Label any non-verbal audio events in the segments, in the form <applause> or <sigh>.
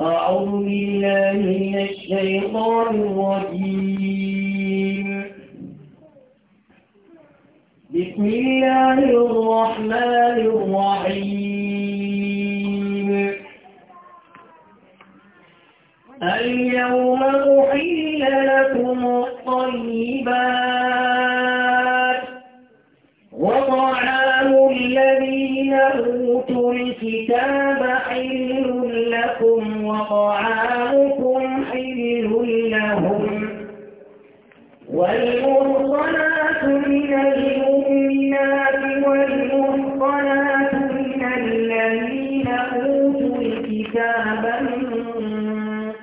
أعوذ بالله من الشيطان الرجيم بسم الله الرحمن الرحيم اليوم أحل لكم الطيبات وطعام الذين أوتوا الكتاب حلوا لكم وطعامكم حل لهم والمرصنات من المؤمنات والمرصنات من الذين أوتوا الكتاب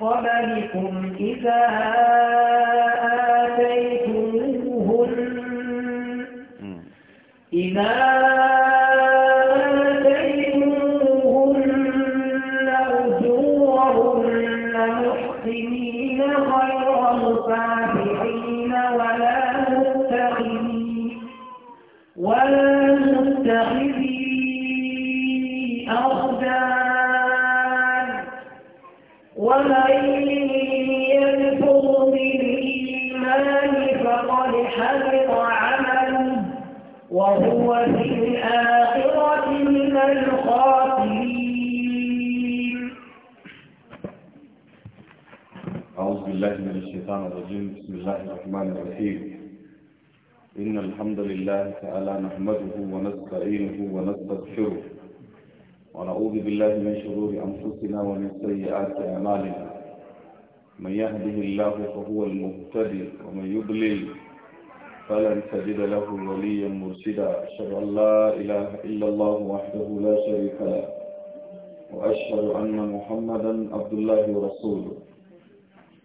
قبلكم إذا آتيتموهن إذا أخزان ومن ينفض بالإيمان فقد حبط عمله وهو في الآخرة من الخاسرين أعوذ بالله من الشيطان الرجيم بسم الله الرحمن الرحيم إن الحمد لله تعالى نحمده ونستعينه ونستغفره ونعوذ بالله من شرور أنفسنا ومن سيئات أعمالنا من يهده الله فهو المهتدي ومن يضلل فلن تجد له وليا مرشدا أشهد أن لا إله إلا الله وحده لا شريك له وأشهد أن محمدا عبد الله ورسوله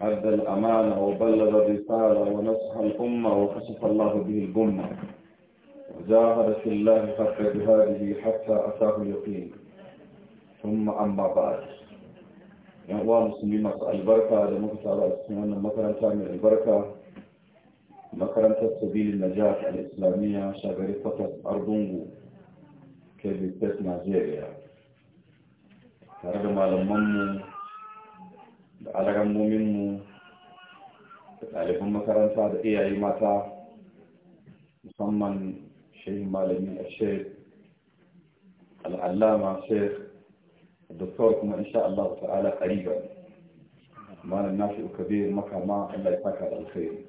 أدى الأمانة وبلغ الرسالة ونصح الأمة وكشف الله به الأمة وجاهد في الله حق جهاده حتى أتاه اليقين ثم أما بعد yan uwa musulmi masu albarka da muka saba a cikin wannan makaranta mai albarka makarantar sabilin najat al-islamiyya shagari kwatas arbungu kebbi state nigeria tare da malamanmu da alarammominmu da ɗaliban makaranta da iyaye mata musamman shehin malami a sheikh al'allama sheikh doktor kuma insha Allah ta'ala qariba malam nafi kabir makama Allah ya saka da alkhairi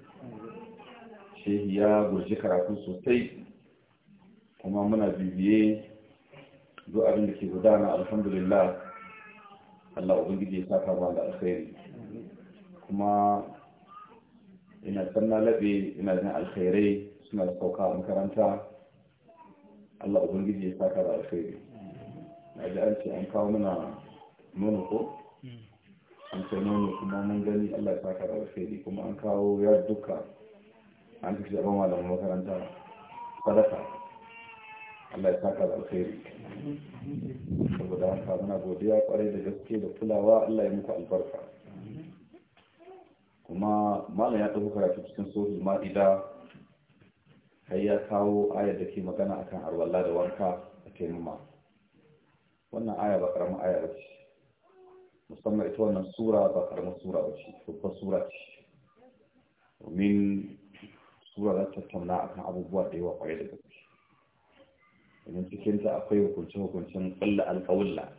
shehi ya gurji karatu sosai kuma muna bibiye duk abin da ke gudana alhamdulillah Allah ubangiji ya saka ba da alkhairi kuma ina san labe ina jin alkhairai suna sauka makaranta Allah ubangiji ya saka da alkhairi na ji an an kawo mana nono ko hmm. an ce nono kuma mun gani allah ya saka da kuma an kawo ya duka an kashe abin malamin makaranta sadaka allah ya saka da saboda haka muna godiya kwarai da gaske da kulawa allah ya muku albarka kuma malam ya tafi karatu cikin sohi ma'ida kai ya kawo ayar da ke magana akan alwala da wanka a taimama wannan aya ba karamin aya ba ce musamman ita wannan sura ba karamin sura ba ce babbar sura ce domin sura za ta tattauna kan abubuwa da yawa kwaye da gaske domin cikinta akwai hukunce-hukuncen ƙalla alƙawulla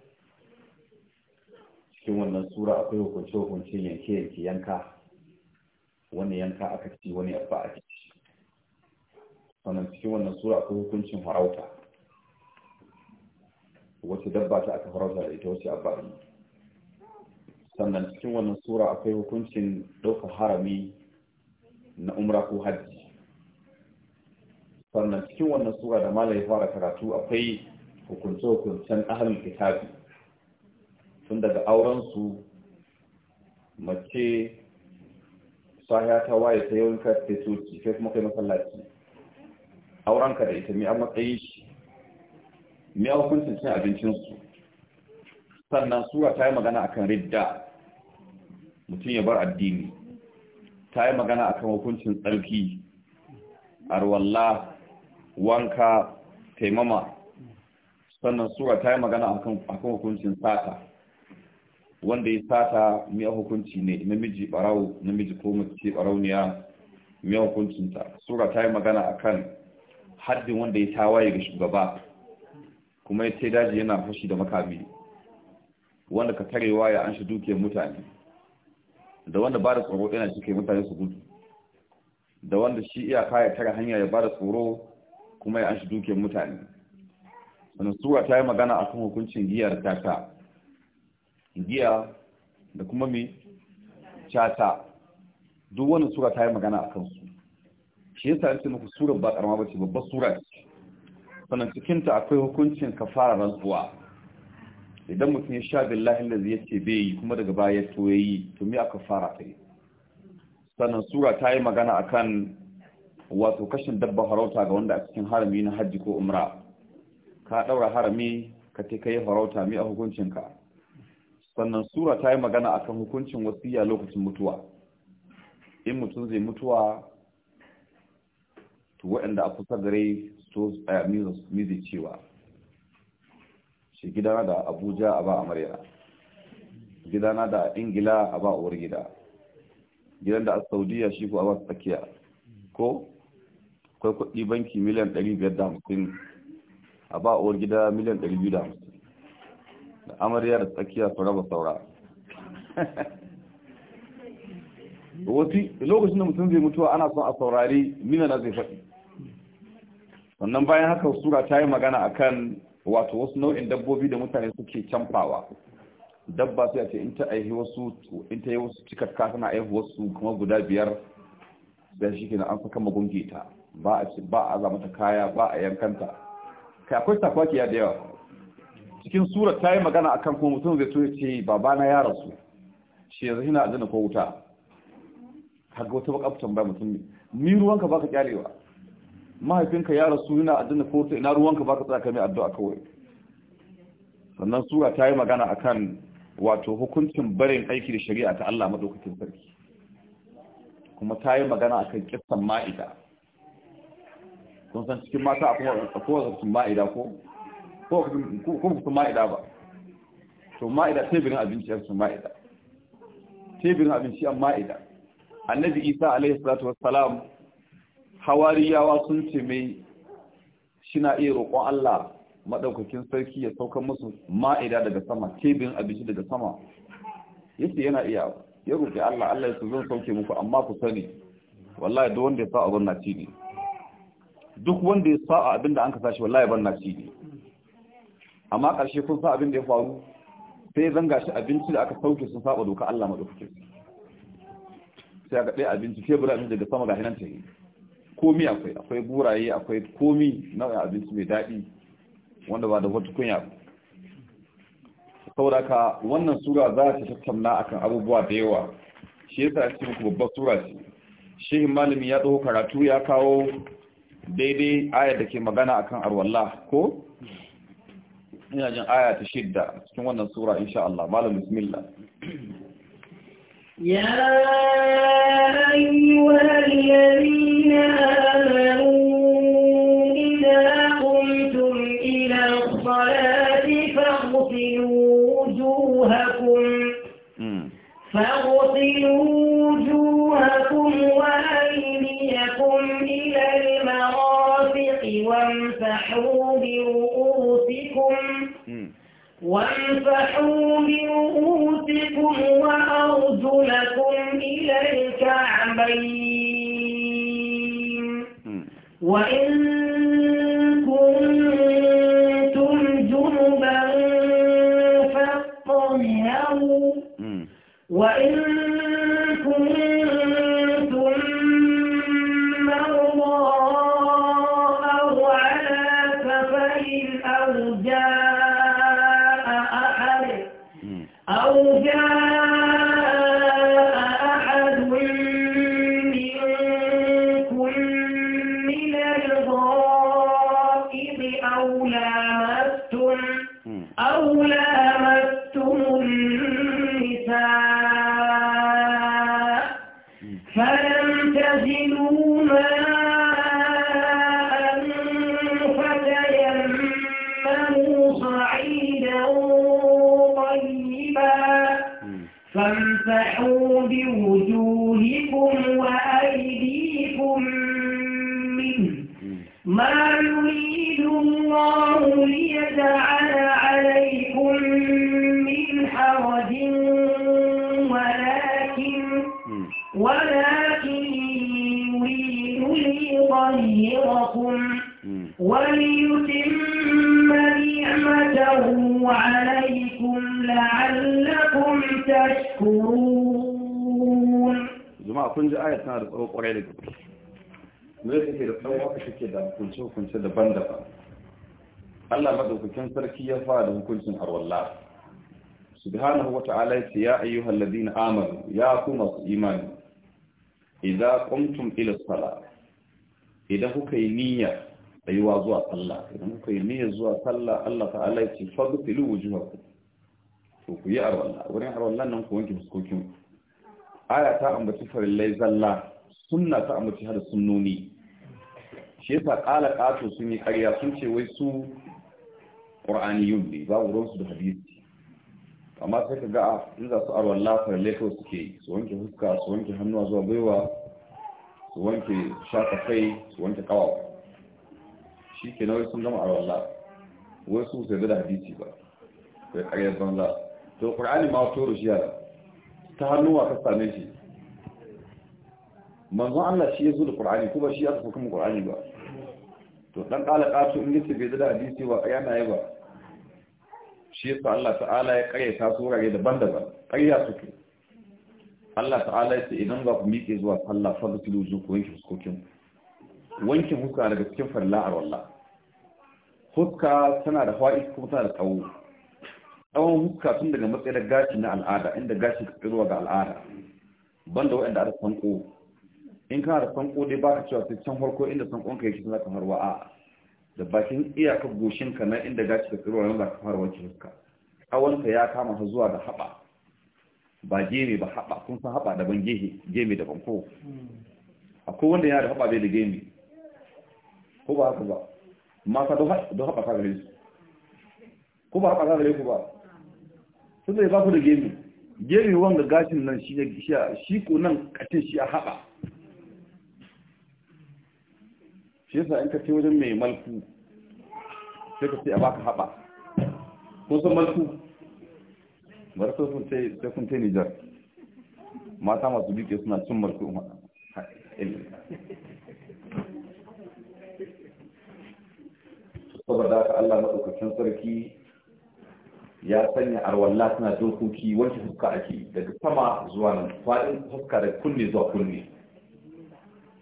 cikin wannan sura akwai hukunce-hukuncen yanke-yanke yanka wani yanka aka ci wani abu a ci sannan cikin wannan sura akwai hukuncin farauta wace dabba ta aka farauta da ita wasu abba sannan cikin wannan sura akwai hukuncin ɗaukar harami na umra ko hajji sannan cikin wannan sura da malai fara karatu akwai hukunce-hukuncen ahalin kitabi tun daga aurensu mace sahiya ta waye ta yawon karfe soci kai kuma kai masallaci aurenka da ita mai an matsayi shi me ya hukuncin cin abincinsu sannan sura ta yi magana a kan ridda mutum ya bar addini ta yi magana a kan hukuncin tsarki arwalla wanka taimama sannan sura ta yi magana a kan hukuncin sata wanda ya sata miya hukunci ne namiji barau namiji ko mace barauniya miya hukuncinta sura ta yi magana akan haddin wanda ya tawaye ga shugaba kuma ya ce daji yana fashi da makami wanda ka tarewa ya an shi dukiyar mutane da wanda ba da tsoro yana shi kai mutane su gudu da wanda shi iyaka ya tare hanya ya ba da tsoro kuma ya an shi dukiyar mutane sannan sura ta yi magana a kan hukuncin giya da tata giya da kuma mi cata duk wani sura ta yi magana a kansu shi yasa yace muku surar ba karama ce babbar sura ce sannan cikinta akwai hukuncin kafara rantsuwa idan mutum ya sha billahi lazi ya ce bai yi kuma daga baya to ya yi to me aka fara ta yi sannan sura ta yi magana akan wato kashin dabba harauta ga wanda a cikin harami na hajji ko umra ka daura harami ka te kai harauta mi a hukuncinka sannan sura ta yi magana akan hukuncin wasiya lokacin mutuwa in mutum zai mutuwa to waɗanda a kusa gare su a eh, mizi cewa shi gidana da abuja a ba amarya gidana da ingila a ba uwar gida gidan da a saudiya shi ko a ba tsakiya ko akwai kuɗi banki miliyan 550 a ba uwar gida miliyan 250 da amarya da tsakiya su raba saura <laughs> wasu lokacin da mutum zai mutuwa ana son a saurari mina na zai faɗi sannan bayan haka sura ta yi magana a kan, wato wasu nau'in dabbobi da mutane suke camfawa dabba sai a ce in ta aihi wasu yi wasu cikakka tana aihi wasu kuma guda biyar da shi kenan an saka magungi ta ba a za mata zama ta kaya ba a yankanta kai akwai takwaki ya da yawa cikin sura ta yi magana a kan kuma mutum zai so ya ce babana ya rasu shi yanzu a azina ko wuta kaga wata bakaftan ba mutum ni ruwanka baka kyalewa mahaifinka ya rasu yana addinin fosa ina ruwanka ba ka tsaka mai addu'a kawai sannan sura ta yi magana akan wato hukuncin barin aiki da shari'a ta Allah madaukakin sarki kuma ta yi magana akan kissan ma'ida kun san cikin mata a kowace sun ma'ida ko ko kuma sun ma'ida ba to ma'ida tebirin abinci ya sun ma'ida tebirin abinci yan ma'ida annabi isa alaihi salatu wassalam hawariyawa sun ce mai shina iya roƙon Allah maɗaukakin sarki ya saukar musu ma'ida daga sama tebin abinci daga sama yake yana iya ya roƙe Allah Allah ya zan sauke muku amma ku sani wallahi da wanda ya sa abin na ci ne duk wanda ya sa abin da an kasa shi wallahi ban na ne amma ƙarshe kun sa abin da ya faru sai zanga shi abinci da aka sauke sun saba doka Allah maɗaukakin sai aka ɗaya abinci tebura abinci daga sama ga hinanta ta komi akwai akwai guraye akwai komi nau'in abinci mai daɗi wanda ba da wata kunya saboda ka wannan sura za ta tattauna akan abubuwa da yawa shi yasa a cikin babbar sura ce shehin malami ya tsaho karatu ya kawo daidai ayar da ke magana akan arwalla ko ina jin aya ta shidda cikin wannan sura insha Allah malam bismillah ya أيها الذين فَاسْتَمِعُوا لِي لامستم أو لا tana da tsawo kwarai da gaske me yake da tsawo haka take da hukunce hukunce daban-daban Allah madaukakin sarki ya fara da hukuncin arwalla subhanahu wata yace ya ayyuhal ladina amanu ya ku masu imani idza qumtum ila salat idan kuka yi niyya tsayuwa zuwa sallah idan kuka yi niyya zuwa sallah Allah ta'ala yace fadfilu wujuhakum to ku yi arwalla wurin arwallan nan ku wanke fuskokin ku aya ta ambaci farillai zalla sunna ta ambaci har sunnoni shi yasa kala kato sun yi karya sun ce wai su qur'aniyun ne babu wurin su da hadisi amma sai ka ga in za su arwan lafar lefo suke yi su wanke huska su wanke hannuwa zuwa gaiwa, su wanke shafa kai su wanke kawa shi ke nawai sun gama arwa lafar wai su sai da hadisi ba sai karya banza to qur'ani ma wato rushiya ta hannuwa ta same shi manzo Allah shi ya zo da Qur'ani kuma shi ya tafi kuma Qur'ani ba to dan kala kasu in yace bai da hadisi ba yana yi ba shi yasa Allah ta'ala ya kare ta so rage daban-daban ƙarya suke Allah ta'ala ya ce idan ba ku miƙe zuwa sallah fa bisu zu ku wanke fuskokin wanke fuska daga cikin farla a wallah tana da fa'i kuma tana da tsawo tsawon hukka tun daga matsayin gashi na al'ada inda gashi ka zuwa ga al'ada banda waɗanda ada sanko in kana da sanko dai ba ka cewa sai can farko inda sankon ka yake za ka harwa a da bakin iyaka goshin ka na inda gashi ka zuwa nan za ka harwa ki huska tsawon ka ya kama ta zuwa da haɓa ba gemi ba haɓa kun san haɓa daban gehe gemi daban ko akwai wanda yana da haɓa bai da gemi? ko ba haka ba mata don haɓa ka gare su ko ba haɓa ka gare ku ba sun da ya baku da gemi gemi wanga gashin nan shi ya shi ko nan kace shi a haɓa shi yasa in ka ce wajen mai malku sai ka ce a baka haɓa ko san malku marasa sun ce sai sun ta Nijar mata masu duke suna cin malku saboda haka Allah maɗaukakin sarki ya sanya arwalla suna dokoki wanke fuska ake daga sama zuwa nan faɗin fuska da kunne zuwa kunne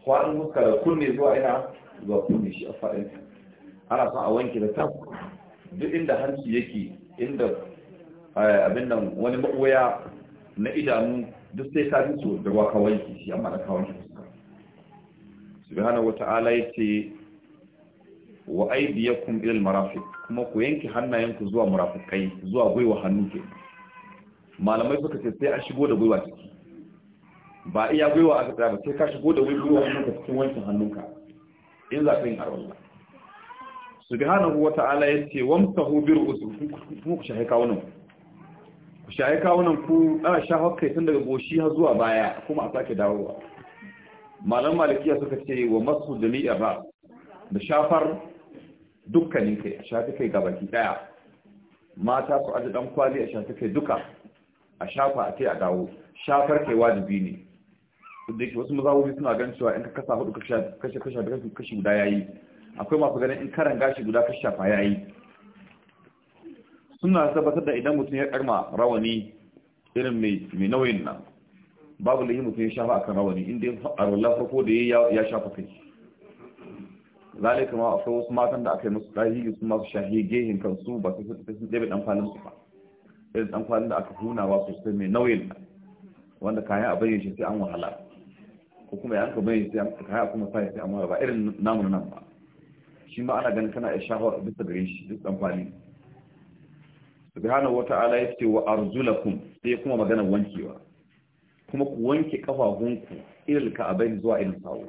faɗin fuska da kunne zuwa ina zuwa kunne shi a faɗin ana son a wanke da ta duk inda hanci yake inda eh, abin nan wani maɓoya na idanu duk sai ka bi da ruwa ka wanke shi amma da ka wanke fuska subhanahu wata'ala yace wa aydiyakum ila almarafiq kuma ku yanke hannayenku zuwa murafikai zuwa gwiwa hannu ke malamai suka ce sai a shigo da gwiwa ciki ba iya gwiwa a tsaya ba sai ka shigo da gwiwa ka cikin wancan hannunka in za ka yin arwallah subhanahu wata'ala ta'ala yace wamsahu bi ru'usikum kuma ku shahe kawunan ku shahe kawunan ku ana shaho kai tun daga goshi har zuwa baya kuma a sake dawowa malam malikiya suka ce wa masu jami'ar ra da shafar dukkanin kai a shafi kai gabaki daya mata su aji dan kwali a shafi kai duka a shafa a kai a dawo shafar kai wajibi ne da yake wasu mazawobi suna gan cewa in ka kasa hudu kashe kashe da kashi guda yayi akwai masu ganin in karan gashi guda ka shafa yayi suna tabbatar da idan mutum ya karma rawani irin mai nauyin nan babu lahi mutum ya shafa akan rawani inda ya faru lafarko da ya shafa kai zalika ma akwai wasu matan da aka yi musu tarihi su masu hin kan su ba su sun ɗebe ɗan kwanin su ba irin ɗan kwanin da aka ba sosai mai nauyin wanda kayan a bayyana shi sai an wahala ko kuma ya ka bayyana sai kayan a kuma sai sai an wahala ba irin namun nan ba shi ma ana ganin kana iya shahawar bisa gare shi duk ɗan kwanin subhanahu wata'ala ya ce wa arzulakum sai kuma maganar wankewa kuma ku wanke kafafunku ilka abai zuwa irin sawo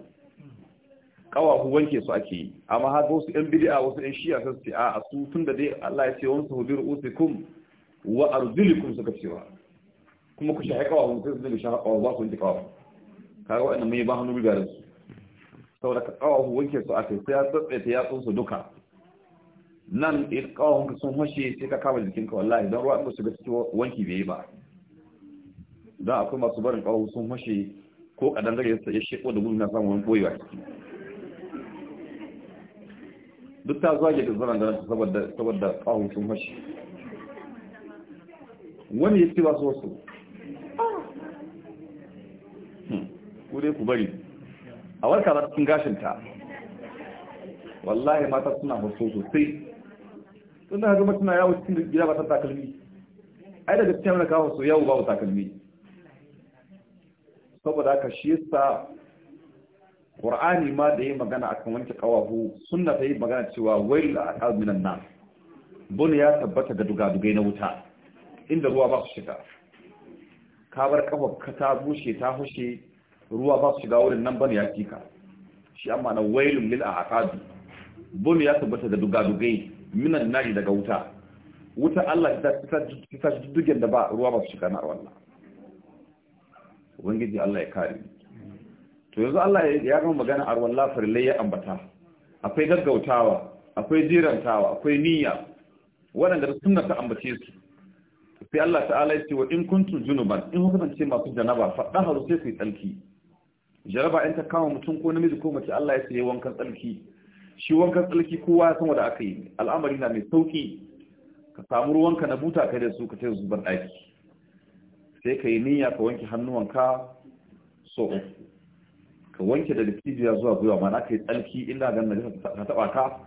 kawahu wanke su ake yi amma har wasu yan bid'a wasu yan shi'a sun ce a su tun da dai Allah ya ce wa su hudur usikum wa arjulikum suka cewa kuma ku shahi kawahu sai su dinga shahi kawahu ba su wanke kawahu kaga wannan mai ba hannu rigarin su saboda ka kawahu wanke su ake sai ya ta yatsun su duka nan in kawahun ka sun hashe sai ka kama jikin ka wallahi don ruwa in su ga cikin wanki bai yi ba don akwai masu barin kawahu sun hashe ko kadan gare ya sheko da gudu na samun wani boyewa duk ta zage da zanen da saboda saboda kawun sun mashi wani ya ce ba su wasu hmm, ku dai ku bari a warka za cikin gashinta wallahi mata suna hoso sosai Tun da gama matuna yawon cikin gida ba ta takalmi ai daga cikin amurka hoso ba babu takalmi saboda aka shi yasa qur'ani ma da yayi magana akan wanke kawahu sunna ta yi magana cewa wail aqal minan nar bun ya tabbata ga dugadugai na wuta inda ruwa ba su shiga ka bar kafar ka ta bushe ta hushe ruwa ba su shiga wurin nan bane ya kika shi amma na wailun lil aqab bun ya tabbata ga dugadugai minan nar daga wuta wuta Allah ta ta dugen da ba ruwa ba su shiga na wallahi ubangiji Allah ya kare mu to yanzu Allah ya gama magana a ruwan farillai ya ambata akwai gaggautawa akwai jirantawa akwai niyya waɗanda da suna ta ambace su sai Allah ta'ala ya ce wa in kuntum junuban in hukunta ce masu janaba faɗa haru sai ku yi tsalki jaraba in ta kama mutum ko namiji ko mace Allah ya ce wankan tsalki shi wankan tsalki kowa ya san wanda aka yi al'amari na mai sauki ka samu ruwanka na buta kai da su ka tsaye zuban ɗaki sai ka yi niyya ka wanke hannuwanka so ka wanke daga cibiya zuwa gwiwa ma na ka yi tsarki ina ga najasa ka taba ka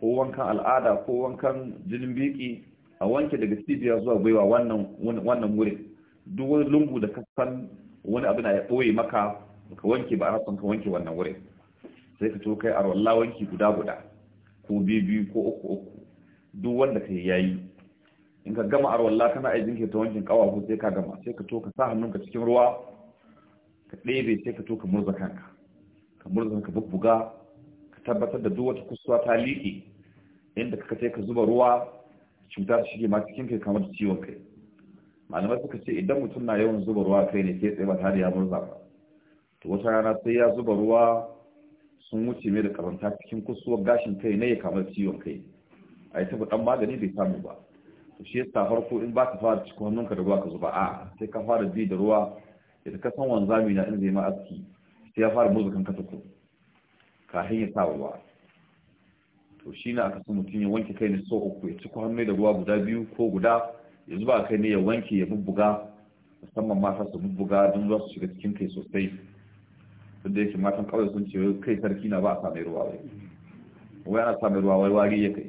ko wankan al'ada ko wankan jinin biki a wanke daga cibiya zuwa gwiwa wannan wurin duk wani lungu da kasan wani abu na ya ɓoye maka ka wanke ba a rasan ka wanke wannan wurin sai ka to kai arwalla wanki guda guda ko biyu ko uku uku duk wanda ka yi yayi in ka gama arwalla kana aiki ke ta wankin kawafu sai ka gama sai ka to ka sa hannunka cikin ruwa ka ɗebe sai ka to ka murza kanka ka murza ka bubbuga ka tabbatar da duk wata kusurwa ta liƙe inda ka kace ka zuba ruwa cuta shige ma cikin kai kamar ciwon kai malamai suka ce idan mutum na yawan zuba ruwa kai ne sai tsaye ba tare ya murza ba to wata rana sai ya zuba ruwa sun wuce mai da karanta cikin kusuwar gashin kai ne ya kamar ciwon kai a yi tafi ɗan magani bai samu ba to shi yasa farko in ba ka fara cikin hannunka da ruwa ka zuba a sai ka fara bi da ruwa yadda ka san wanzami na in zai ma aski sai ya fara kasa ko kafin ya sa ruwa to shi na aka so mutum ya wanke kai ne so uku ya ciko hannu da ruwa guda biyu ko guda ya zuba kai ne ya wanke ya bubbuga musamman mata su bubbuga don za su shiga cikin kai sosai duk da yake matan kawai sun ce kai sarki na ba a sami ruwa wai wai ana sami ruwa wai wari ya kai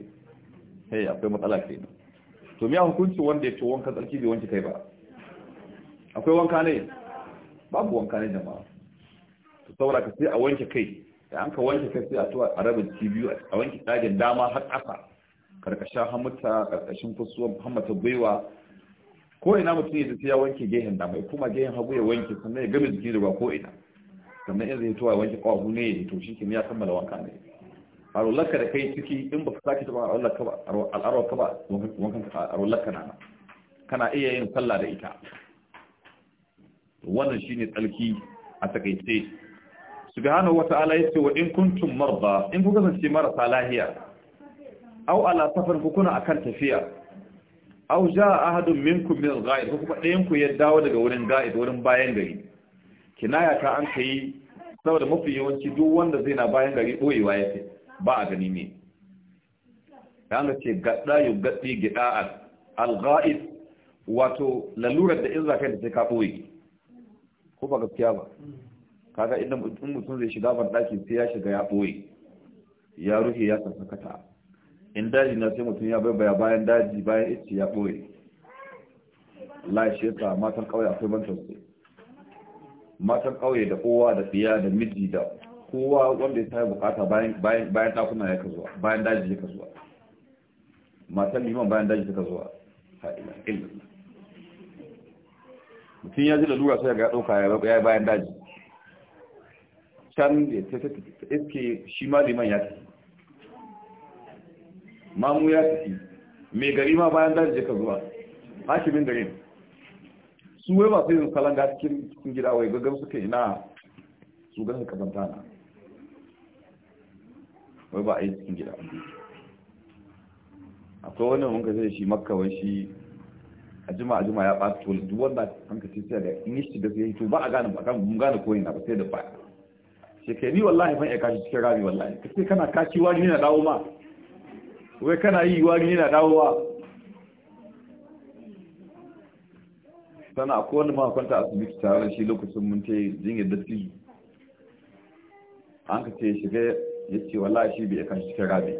hey akwai matsala ke ne to miya hukunci wanda ya ce wanka tsarki bai wanke kai ba akwai wanka ne babu wanka ne jama'a saboda ka sai a wanke kai da an ka wanke kai sai a tuwa a rabin cibiyu a wanke ɗagen dama har ƙasa karkashin hamuta karkashin fasuwa hamata baiwa ko ina mutum ya sai ya wanke gehen dama ya kuma gehen hagu ya wanke sannan ya gami jiki da ko ina sannan in zai tuwa ya wanke ƙwahu ne ya to shi ya kammala wanka ne a rullarka da kai ciki in ba ka sake taɓa al'arwa ka ba wankan a rullarka na kana iya yin sallah da ita wannan shine tsalki a takaice subhanahu wata'ala yace wa in kuntum marda in ku kasance marasa lahiya aw ala safar ku kuna akan tafiya aw jaa ahadun minkum min al-ghaib ku kuma ɗayan ku ya dawo daga wurin ga'id wurin bayan gari kinaya ta an kai saboda mafi yawanci duk wanda zai na bayan gari boyewa yace ba a gani ne yana ce gadda yu gaddi gida'al al-ghaib wato lalurar da in zakai da sai ka boye ko ba gaskiya ba kaga idan mutum zai shiga ban daki sai ya shiga ya ɓoye ya ruhe ya sassakata in daji na sai mutum ya baya bayan daji bayan ice ya ɓoye lashe yasa matan ƙauye akwai ban tausayi matan ƙauye da kowa da tsiya da miji da kowa wanda ya sai bukata bayan ɗakuna ya ka bayan daji ya kazuwa matan liman bayan daji ta kazuwa. zuwa ha'ila mutum ya ji da lura sai ya ga ɗauka ya bayan daji can da ta iske shi ma liman ya tafi mamu ya tafi mai gari ma bayan daji ka zuwa hakimin garin su wai masu yin salanga cikin gida wai gaggar suka ina su gasa kazanta na wai ba a yi cikin gida akwai wani wanka zai shi makawai shi a jima a jima ya ɓata tuwal duk wanda an sai da in yi shi da sai hito ba a gane ba kan gane koyi na ba sai da baya shi kai ni wallahi ban iya kashi cikin rami wallahi ce kana kashi wari ne na dawo ma wai kana yi wari ne na wa sana akwai wani ma a asibiti tare da shi lokacin mun ta jinyar datti an ka ce shiga ya ce wallahi shi bai kashi cikin rami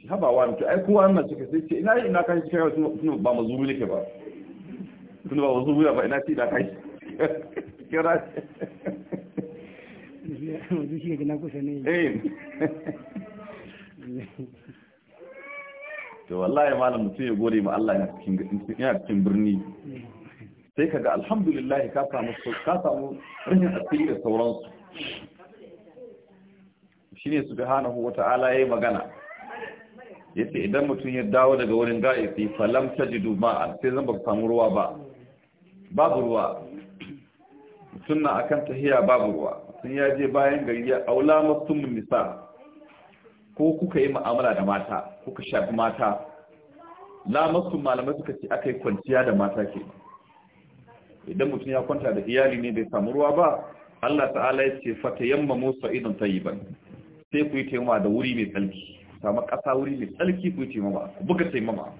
shi haba wa mutu ai kowa nan cika sai ce ina yi ina kashi cikin rami tun ba ne nake ba tun ba ne ba ina ce ina kashi cikin rami na <laughs> to wallahi malam mutum ya gode ma Allah yana cikin birni sai kaga alhamdulillah ka samu ka samu rashin asiri da sauransu shine subhanahu wata'ala yayi magana yace idan mutum ya dawo daga wurin ga'ifi falam tajidu ma'a sai zan ba samu ruwa ba babu ruwa mutum na akan tahiya babu ruwa sun ya je bayan gari ya aula mastumin nisa ko kuka yi mu'amala da mata kuka shafi mata la masu malamai suka ce aka yi kwanciya da mata ke idan mutum ya kwanta da iyali ne bai samu ruwa ba Allah ta'ala ya ce fata yamma musa idan tayyiban sai ku yi taimama da wuri mai tsalki samu ƙasa wuri mai tsalki ku yi taimama ku buga taimama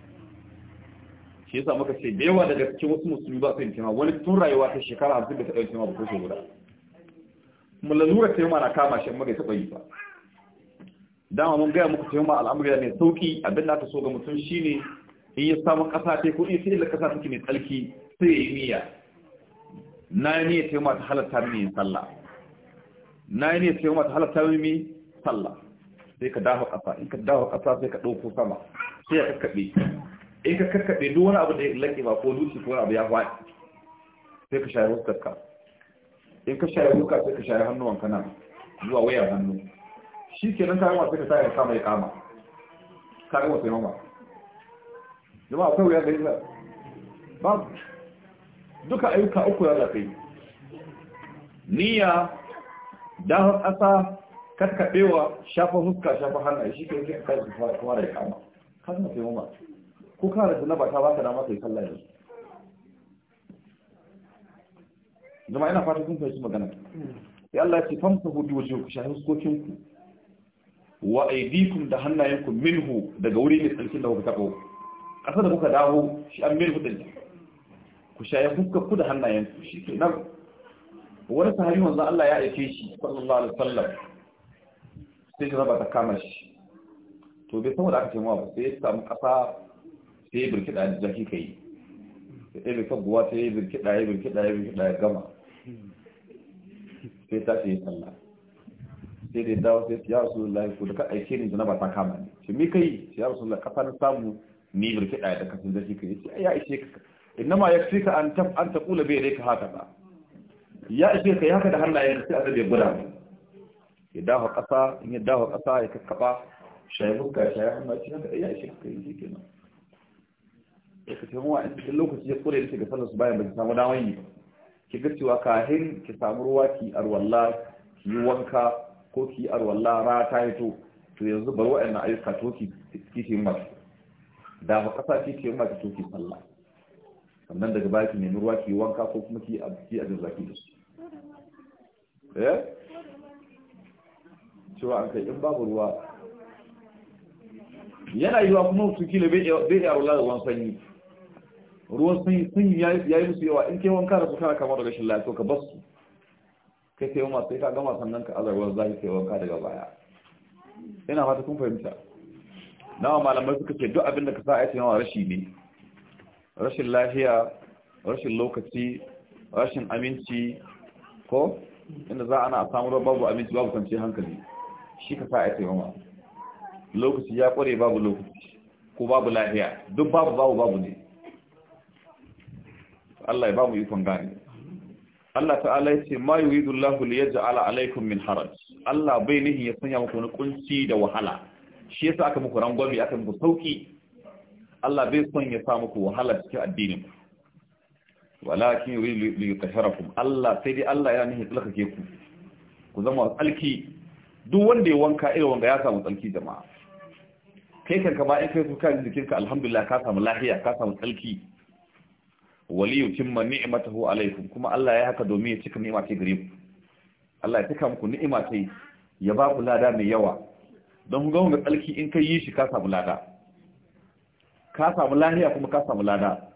shi yasa muka ce da yawa daga cikin wasu musulmi ba su yi taimama wani tun rayuwa ta shekara hamsin da ta ɗauki taimama ba ko shekara mu lalura taimama na kama shi magai taɓa yi ba dama mun gaya muku taimama al'amari da mai sauƙi abin da aka so ga mutum shine in ya samu kasa ta ko in sai illa kasa take mai tsalki sai ya yi niyya na yi niyya taimama ta halatta mini yin sallah na yi niyya taimama ta halatta mini sallah sai ka dawo ƙasa in ka dawo ƙasa sai ka ɗauko sama sai ya kakkaɓe in ka kakkaɓe duk wani abu da ya lake ba ko luci ko wani abu ya faɗi sai ka shayar wasu kakka in ka share duka sai ka share hannuwan ka nan zuwa wayar hannu shi ke nan kayan wasu ka sa ya kama ya kama kayan wasu yamma a kawai wuya zai yi ba duka ayyuka uku ya zafi niyya dahon ƙasa karkaɓewa shafa huska shafa hannaye shi ke kai kuma da ya kama kayan wasu yamma ko kawai da ba ta ba ta dama sai yi yanzu zama ina fata kun fahimci magana sai Allah ya ce famsa hudu wajen ku shahin huskokin ku wa aidikum da hannayenku minhu daga wuri mai tsarkin da kuka taɓo ƙasa da kuka dawo shi an minhu ɗin ku shaye kuka ku da ku shi ke nan wani sahabi manzo Allah ya aike shi sallallahu alaihi wasallam sai ya raba ta kama shi to bai san da aka ce mawa sai ya samu ƙasa sai ya birkiɗa da jaki kai sai ya bai kan guwa sai ya birkiɗa ya birkiɗa ya birkiɗa ya gama sai ta ce sallah sai da dawo sai ya rasulullahi ko da ka aike ni zanaba ta kama ni ce me kai ya rasulullahi kafa na samu ni birki da da kasan zaki kai ce ya ishe ka inna innama yakfika an tab an taqula bi yadayka haka ba ya ishe ka haka da hannayen sai annabi ya gura ya dawo kasa in ya dawo kasa ya kakkaba shayi ka shayi hannu shi da ya ishe ka yi kenan ya kace mu a lokaci ya kore da shi ga sallar su bayan ba ta samu dawon yi ba ki ga cewa kahin ki samu ruwa ki arwalla ki yi wanka ko ki arwalla rata ya to to yanzu bar wa'annan ayyuka to ki ki masu da ba kasa ki ki ki to ki sallah sannan daga baya ki nemi ruwa ki yi wanka ko kuma ki yi a jazaki da su eh cewa an kai in babu ruwa yana yiwa kuma su kila bai bai arwalla da ruwan sanyi ruwan sun sun yayi musu yawa in kai wanka da su kamar kama da rashin lafiya ka bar su kai kai ma sai ka gama sannan ka azar ruwan zai kai wanka daga baya ina fata kun fahimta nawa malamai suka ce duk abin da ka sa a yawa rashi ne rashin lafiya rashin lokaci rashin aminci ko inda za ana samu babu aminci babu kwanciyar hankali shi ka sa a yawa lokaci ya kware babu lokaci ko babu lafiya duk babu babu babu ne Allah ya ba mu ikon gane Allah ta'ala ya ce ma yuridu Allahu li ja'ala alaykum min haraj Allah bai nihi ya sanya muku wani kunci da wahala shi yasa aka muku rangwame aka muku sauki Allah bai son ya sa muku wahala cikin addinin walakin yi li yutahhirakum Allah sai dai Allah yana nihi tsalkake ku ku zama tsalki duk wanda ya wanka irin wanda ya samu tsalki jama'a kai kanka ba in kai su kan jikinka alhamdulillah ka samu lahiya, ka samu tsalki wali yutimma ni'matahu alaikum kuma Allah ya haka domin ya cika ni'ma ce gare ku Allah ya cika muku ni'ma ce ya ba ku lada mai yawa don ku ga mun tsalki in kai yi shi ka samu lada ka samu lahiya kuma ka samu lada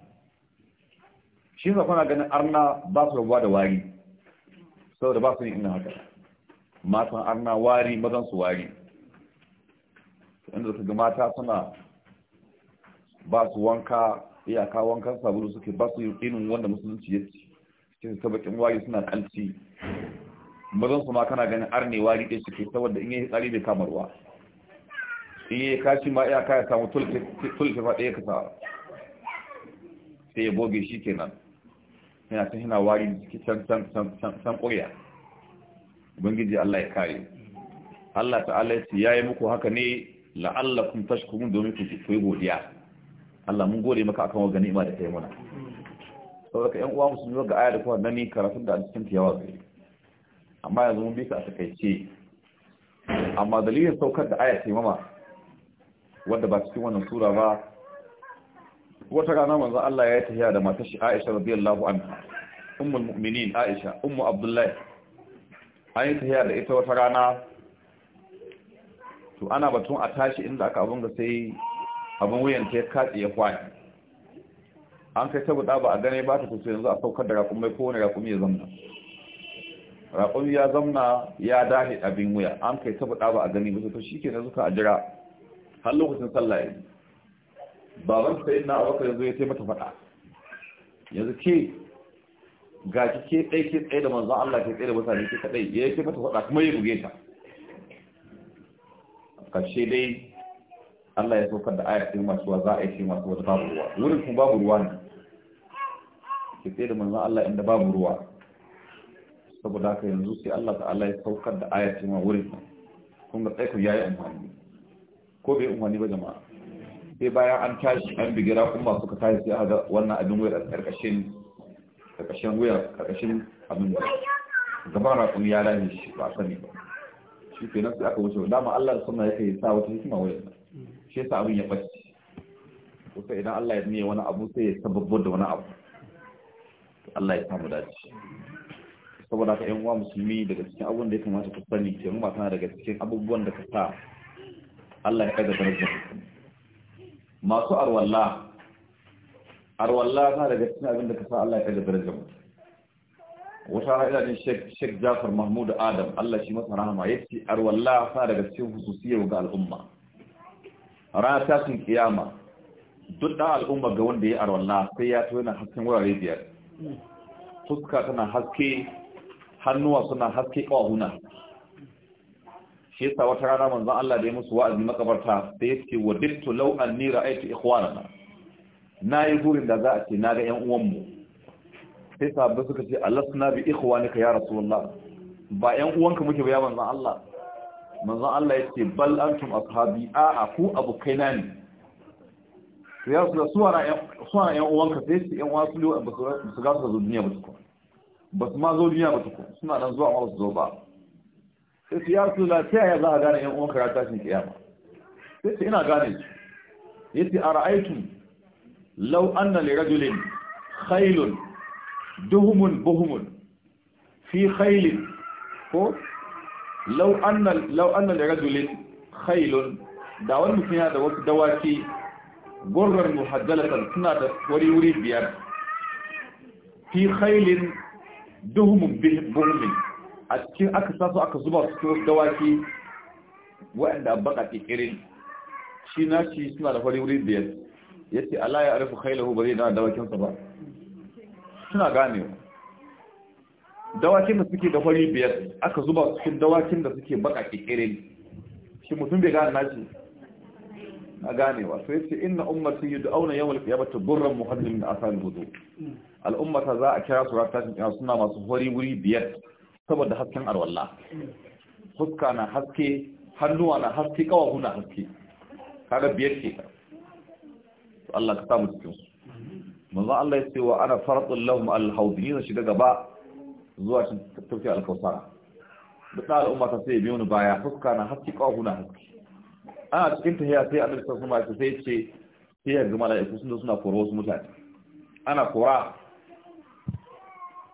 shi sa kuna ganin arna ba su rabuwa da wari saboda ba su ne ina haka matan arna wari mazan su wari inda suka ga mata suna ba su wanka iyaka wankan sabulu suke ba su yi wanda musulunci ya ci cikin sabakin wari suna kalci mazan su ma kana ganin arne wari ɗaya suke saboda in yi tsari bai kama ruwa in yi kashi ma iyaka kaya samu tulke fa ɗaya ka sa sai ya boge shi kenan yana ta hina wari can can can ƙuriya ubangiji Allah ya kare Allah ta'ala ya ce ya yi muku haka ne la'allakum tashkurun domin ku yi godiya Allah mun gode maka akan wani ni'ima da kai mana saboda ƴan uwa musulmi ga aya da kuma nan karatun da cikin tiyawa gari amma yanzu mun bi ka a takaice amma dalilin saukar da aya ce mama wadda ba cikin wannan sura ba wata rana manzo Allah ya yi tahiya da matar shi Aisha radiyallahu anha ummul mu'minin Aisha ummu Abdullahi an yi tahiya da ita wata rana to ana batun a tashi inda aka abunga sai abin wuyan ta ya katse ya kwaye an kai ta guda ba a gane ba ta kusa yanzu a saukar da raƙumai kowane raƙumi ya zamna raƙumi ya zamna ya dahe abin wuya an kai ta guda ba a gani ba to shi ke na zuka a jira har lokacin sallah ya yi baban yi na abokan yanzu ya taimata faɗa yanzu ke ga ki ke ɗai ke tsaye da manzan Allah ke tsaye da mutane ke kaɗai ya yi taimata faɗa kuma ya buge ta ƙarshe dai Allah ya saukar da ayat cikin masu za a yi shi masu wata babu ruwa wurin kuma babu ruwa ne ke tsaye da manzan Allah inda babu ruwa saboda haka yanzu sai Allah ta'ala ya saukar da ayar cikin wurin kun ga tsaikon yayi umarni. ko bai umarni ba jama'a sai bayan an tashi an bigira kuma ka tashi sai aga wannan abin wuyar karkashin karkashin wuyar karkashin abin da gaban rakun ya ne shi ba sani ba shi nan sai aka wuce dama Allah da sunna kai sa wata hikima wuyar shi yasa abin ya bace kusa idan Allah ya nuna wani abu sai ya sababbar da wani abu Allah ya samu dace saboda ka yan uwa musulmi daga cikin abun da ya kamata ku sani ke mu tana daga cikin abubuwan da ka sa Allah ya kaga darajar masu arwalla arwalla tana daga cikin abin da ka sa Allah ya kaga darajar wata ra'ida ne Sheikh Jafar Mahmud Adam Allah shi masa rahama yace arwalla tana daga cikin hususiyar ga al'umma ranar tashin kiyama duk ɗan al'umma ga wanda ya arwalla sai ya to na hasken wurare biyar fuska tana haske hannuwa suna haske ƙwahuna shi yasa wata rana manzon Allah da ya musu wa'azi makabarta sai ya ce wa dittu law anni ra'aytu ikhwanana yi gurin da za a ce na ga ƴan uwanmu sai sabbin suka ce suna bi ikhwanika ya rasulullah ba ƴan uwanka muke ba ya manzon Allah manzon Allah ya ce bal antum ashabi a a ku abokaina ne to ya su suwana yan uwanka sai su yan wasu liwa ba su ga zo duniya ba su ba su ma zo duniya ba su suna nan zuwa ma su zo ba sai su ya su la ta yaya za a gane yan uwanka ya tashin kiyama sai su ina gane su yace ara'aytum law anna li rajulin khaylun duhumun buhumun fi khaylin ko lau annan da rajulin khailun da wani mutum yana da wasu dawaki gurrar muhaddalatar suna da wari wuri biyar fi khailin duhumin burmin a cikin aka sasu aka zuba su wasu dawaki waɗanda baka ƙiƙirin shi na shi suna da wari wuri biyar ya ce ala ya rufe khailahu ba zai na dawakinsa ba suna ganewa dawakin da suke da hori biyar aka zuba cikin dawakin da suke baka kekere shi mutum bai gane naci na ganewa sai ce inna ummati yud'auna yawmal qiyamati burran muhaddim min asal wudu al'ummata za a kira su ratashin kiyama suna masu hori wuri biyar saboda hasken arwalla fuska na haske hannuwa na haske kawahu na haske kaga biyar ke Allah ka samu cikin su manzo Allah ya ce wa ana faradun lahum al-hawdin shiga gaba zuwa cin tafiyar alkawsara da al'umma ta sai biyu baya fuska na haske ƙwahu na haske ana cikin tahiya sai annabi sallallahu alaihi wasallam sai ce sai ya gama mala'iku sun suna kora wasu mutane ana kora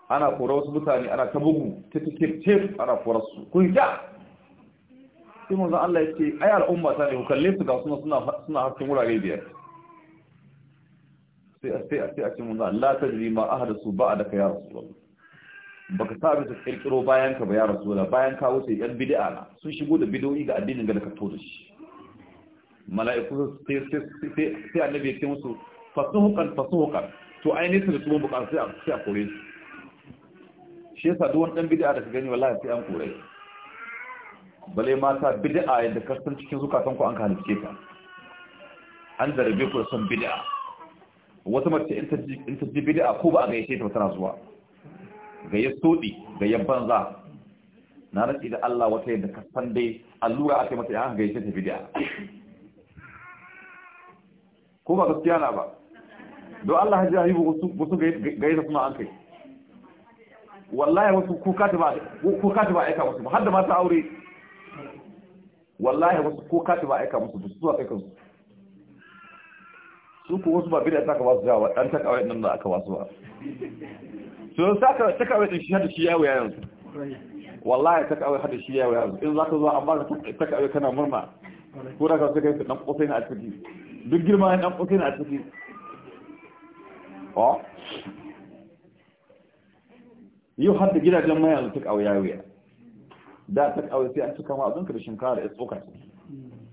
ana kora wasu mutane ana ta bugu ta tikir tir ana kora su kun ja sai manzon Allah ya ce ai al'umma ta ne ku kalle su ga suna suna suna wurare biyar sai sai sai a ce manzon Allah ta jima ahadasu ba'a da ka ya rasulullah baka sa abin su kirkiro bayan ka ba ya rasu da bayan ka wuce yan bidi'a na sun shigo da bidoyi ga addinin ga da ka tozo shi mala'iku sai annabi ya ce musu fasuhukan fasuhukan to ai ne su da tuwon bukar sai a kore su shi yasa duwan dan bidi'a da ka gani wallahi sai an kore bale mata bidi'a yadda ka san cikin san ku an ka halice ta an zarabe ku da son bidi'a. wata mace in ta ji bidi'a ko ba a gaishe ta ba tana zuwa ga ya soɗi ga ya banza na rantsi da Allah wata yadda ka san dai allura aka mata ya ga ya tafi da ko ba gaskiya na ba don Allah hajji haibu wasu ga yadda suna an kai wallahi wasu ko kati ba aika wasu har da mata aure wallahi wasu ko kati ba aika musu su suwa aika kansu su ku wasu ba bida ta ka wasu jawa dan ta kawai nan da aka wasu ba to saka ta kawai din shi hada shi yawo yayin wallahi ta kawai hada shi yawo yayin in zaka zo amma ta kawai kana murma? ko da ka saka dan kosai na a ciki duk girma dan kosai na a ciki oh yau har da gidajen mayan yanzu ta kawai yawo da ta kawai sai an cika ma abin karshen kara ya tsoka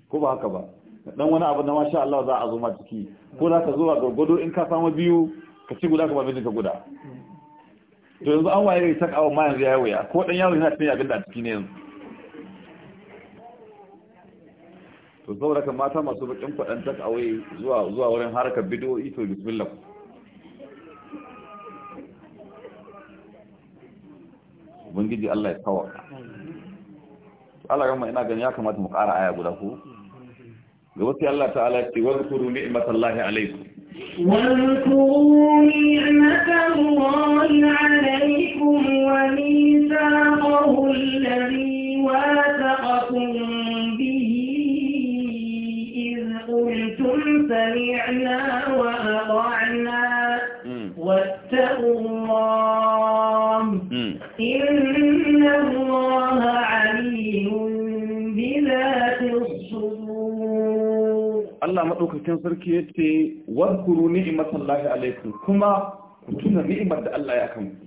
ko ba haka ba dan wani abu na masha Allah za a zo ma ciki ko za ka zo a gurgudu in ka samu biyu ka ci guda ka ba ka guda to yanzu an waye ta kawo ma yanzu ya waya ko dan yaro yana cikin abin da ciki ne yanzu to zaura kan mata masu bakin kwadan ta kawo zuwa zuwa wurin harkar bidiyo ito bismillah ubangiji Allah ya kawo Allah gama ina gani ya kamata mu ƙara aya guda ko ga wasu Allah ta'ala ya ce wa zkuru ni'matallahi alaikum واذكروا نعمة الله عليكم وميثاقه الذي واثقكم به إذ قلتم سمعنا وأطعنا واتقوا الله إن الله عليم بذات الصدور الله مدوكتين سركي wadkuru ni'matallahi alaikum kuma ku tuna ni'imar da Allah ya kan ku.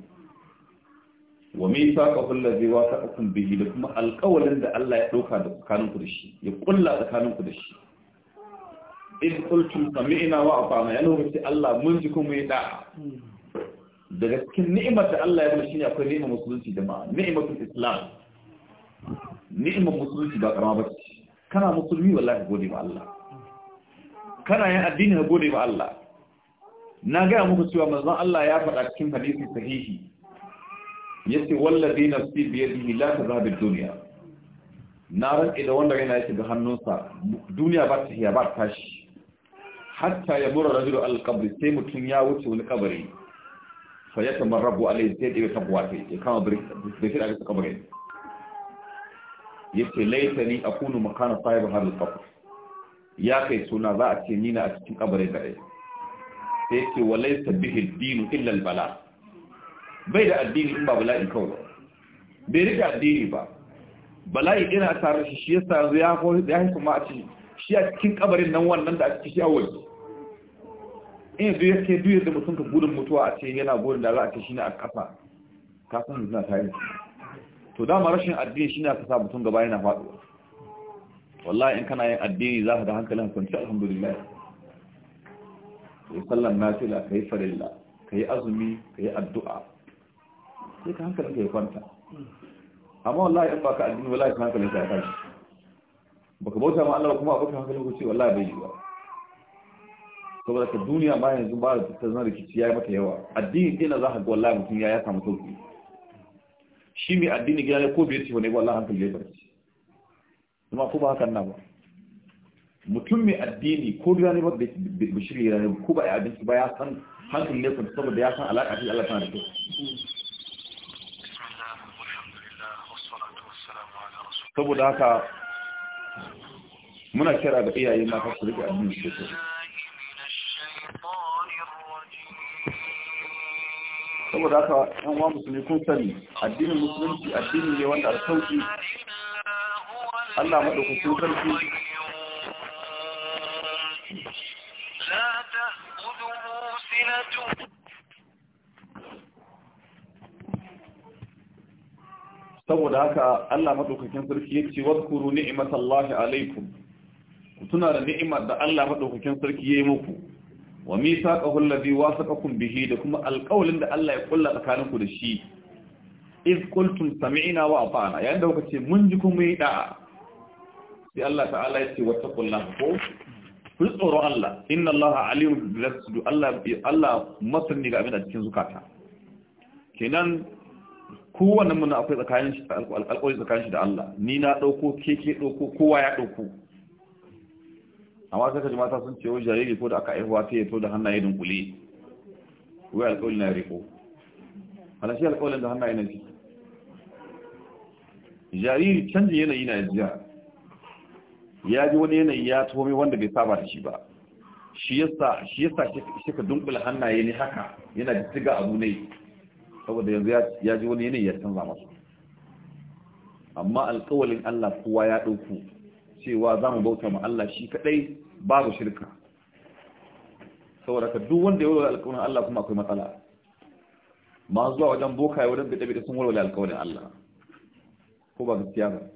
wa mithaqahu allazi waqa'akum bihi da kuma alƙawalin da Allah ya dauka da tsakaninku da shi ya kulla tsakaninku da shi in qultum sami'na wa ata'na ya lokaci Allah mun ji kuma ya da daga cikin ni'imar da Allah ya shi ne akwai ni'imar musulunci jama'a, ma ni'imatul islam ni'imar musulunci ba karama bace kana musulmi wallahi gode ma Allah kana yin addini ka gode ba Allah na gaya muku cewa manzon Allah ya faɗa cikin hadisi sahihi yace wallazi nafsi bi yadihi la tazabi dunya na ran da wanda yana yake da hannunsa duniya ba ta hiya ba ta shi hatta ya mura rajulu alqabr sai mutun ya wuce wani kabari fa ya tamarrabu alayhi sai da tabwa sai ya kama birki da shi daga kabari yace laitani akunu makana sahibi hadal qabr ya kai suna za a ce nina a cikin kabarin da rai sai ce walai sabbihi dinu illa albala bai da addini in ba bala'i kawai bai rika addini ba bala'i ina tare shi shi yasa ya ko ya haifa ma a cikin, shi a cikin kabarin nan wannan da a cikin shi in duk yake duk da mutum ka gudun mutuwa a ce yana gudun da za a ce shi ne a kafa ka san zina ta yi to dama rashin addini shi ne a kasa mutum gaba yana faɗuwa wallahi in kana yin addini za ka da hankalin kwanci alhamdulillah kai sallan nafila kai farilla yi azumi ka yi addu'a sai ka hankalin ka yi kwanta amma wallahi in baka addini wallahi ka hankalin ka ya tashi baka bauta ma Allah kuma baka hankalin ku ce wallahi bai yi ba saboda ka duniya ma yanzu ba ta zan rikici ya yi mata yawa addini din za ka ga wallahi mutum ya ya samu sauki shi mai addini gida ne ko bai ci wani wallahi hankali ya barci kuma ku ba hakan na ba mutum mai addini ko da ne ba da shirya ne ko ba ya abinci ba ya san hankali ne kuma saboda ya san alaƙa shi Allah tana da kyau saboda haka muna kira ga iyaye mata su rike addini sosai saboda haka yan uwa musulmi kun sani addinin musulunci addini ne wanda a sauki Allah maɗaukacin sarki saboda haka Allah maɗaukakin sarki ya ce wadkuru ni'matallahi alaikum tuna da ni'imar da Allah maɗaukakin sarki ya yi muku wa misaqahu allazi wasaqakum bihi da kuma alƙawlin da Allah ya kulla tsakaninku da shi iz qultum sami'na wa ata'na yayin da kuka ce mun ji kuma yi da'a sai Allah ta'ala ya ce wattaqullaha ko kun tsoro Allah inna Allah alimun bi zati Allah Allah masanni ga abin da cikin zukata kenan kowanne mun akwai tsakanin shi alƙawari tsakanin shi da Allah ni na dauko ke ke dauko kowa ya dauko amma sai kaji mata sun ce wai jariri ko da aka aihuwa sai ya to da hannaye dunkule wai alƙawari na riko halashi alƙawarin da hannaye na ji jariri canjin yanayi na jiya ya ji wani yanayi ya tome wanda bai saba da shi ba shi yasa shi yasa shi ka dunkula hannaye ne haka yana da tiga abu ne saboda yanzu ya ji wani yanayi ya canza masa amma alƙawalin Allah kowa ya ɗauku cewa za mu bauta ma Allah shi kaɗai babu shirka saboda ka duk wanda ya walwala alƙawarin Allah kuma akwai matsala ma zuwa wajen boka ya wajen bita bita sun walwala alƙawarin Allah ko ba gaskiya ba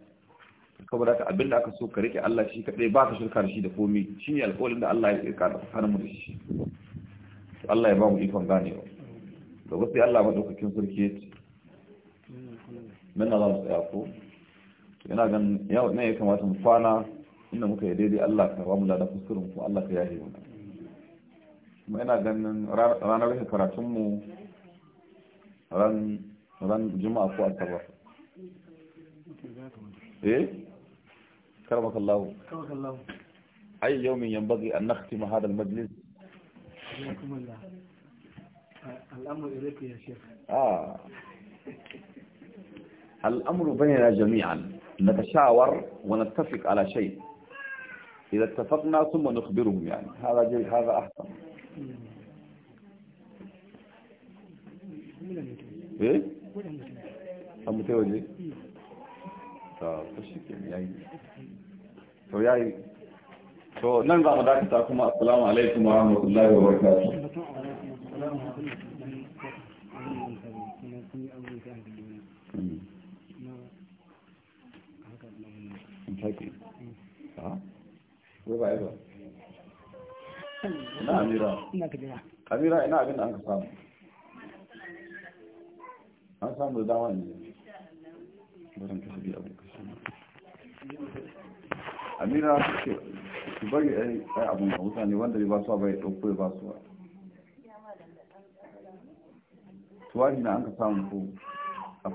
saboda ka abinda aka so ka rike Allah shi kadai ba ka shirka da shi da komi shi ne alƙawarin da Allah ya tsirka da tsakaninmu da shi Allah ya ba mu ikon ganewa da wasu Allah maɗaukakin sarki ya ce mena za mu tsaya ko yana gan na ya kamata mu kwana inda muka yi daidai Allah ka ba mu lada fuskurin ko Allah ka yaje mana kuma ina ganin ranar rufe karatunmu ran juma'a ko asabar eh كرمك الله كرمك الله أي يوم ينبغي أن نختم هذا المجلس حياكم الله الأمر إليك يا شيخ آه الأمر بيننا جميعا نتشاور ونتفق على شيء إذا اتفقنا ثم نخبرهم يعني هذا جيد هذا أحسن إيه؟ متوجه؟ إيه. طب تشكي يعني to yayi to nan za mu dakata kuma assalamu alaikum wa rahmatullahi wa barakatuh Ina amira. Amira ina abin da an ka samu. An samu da dama ne. Barin kashe biya abin amira su bari ai abin da mutane wanda ya ba su bai ɗauko ya ba su tuwari na an ka samu ko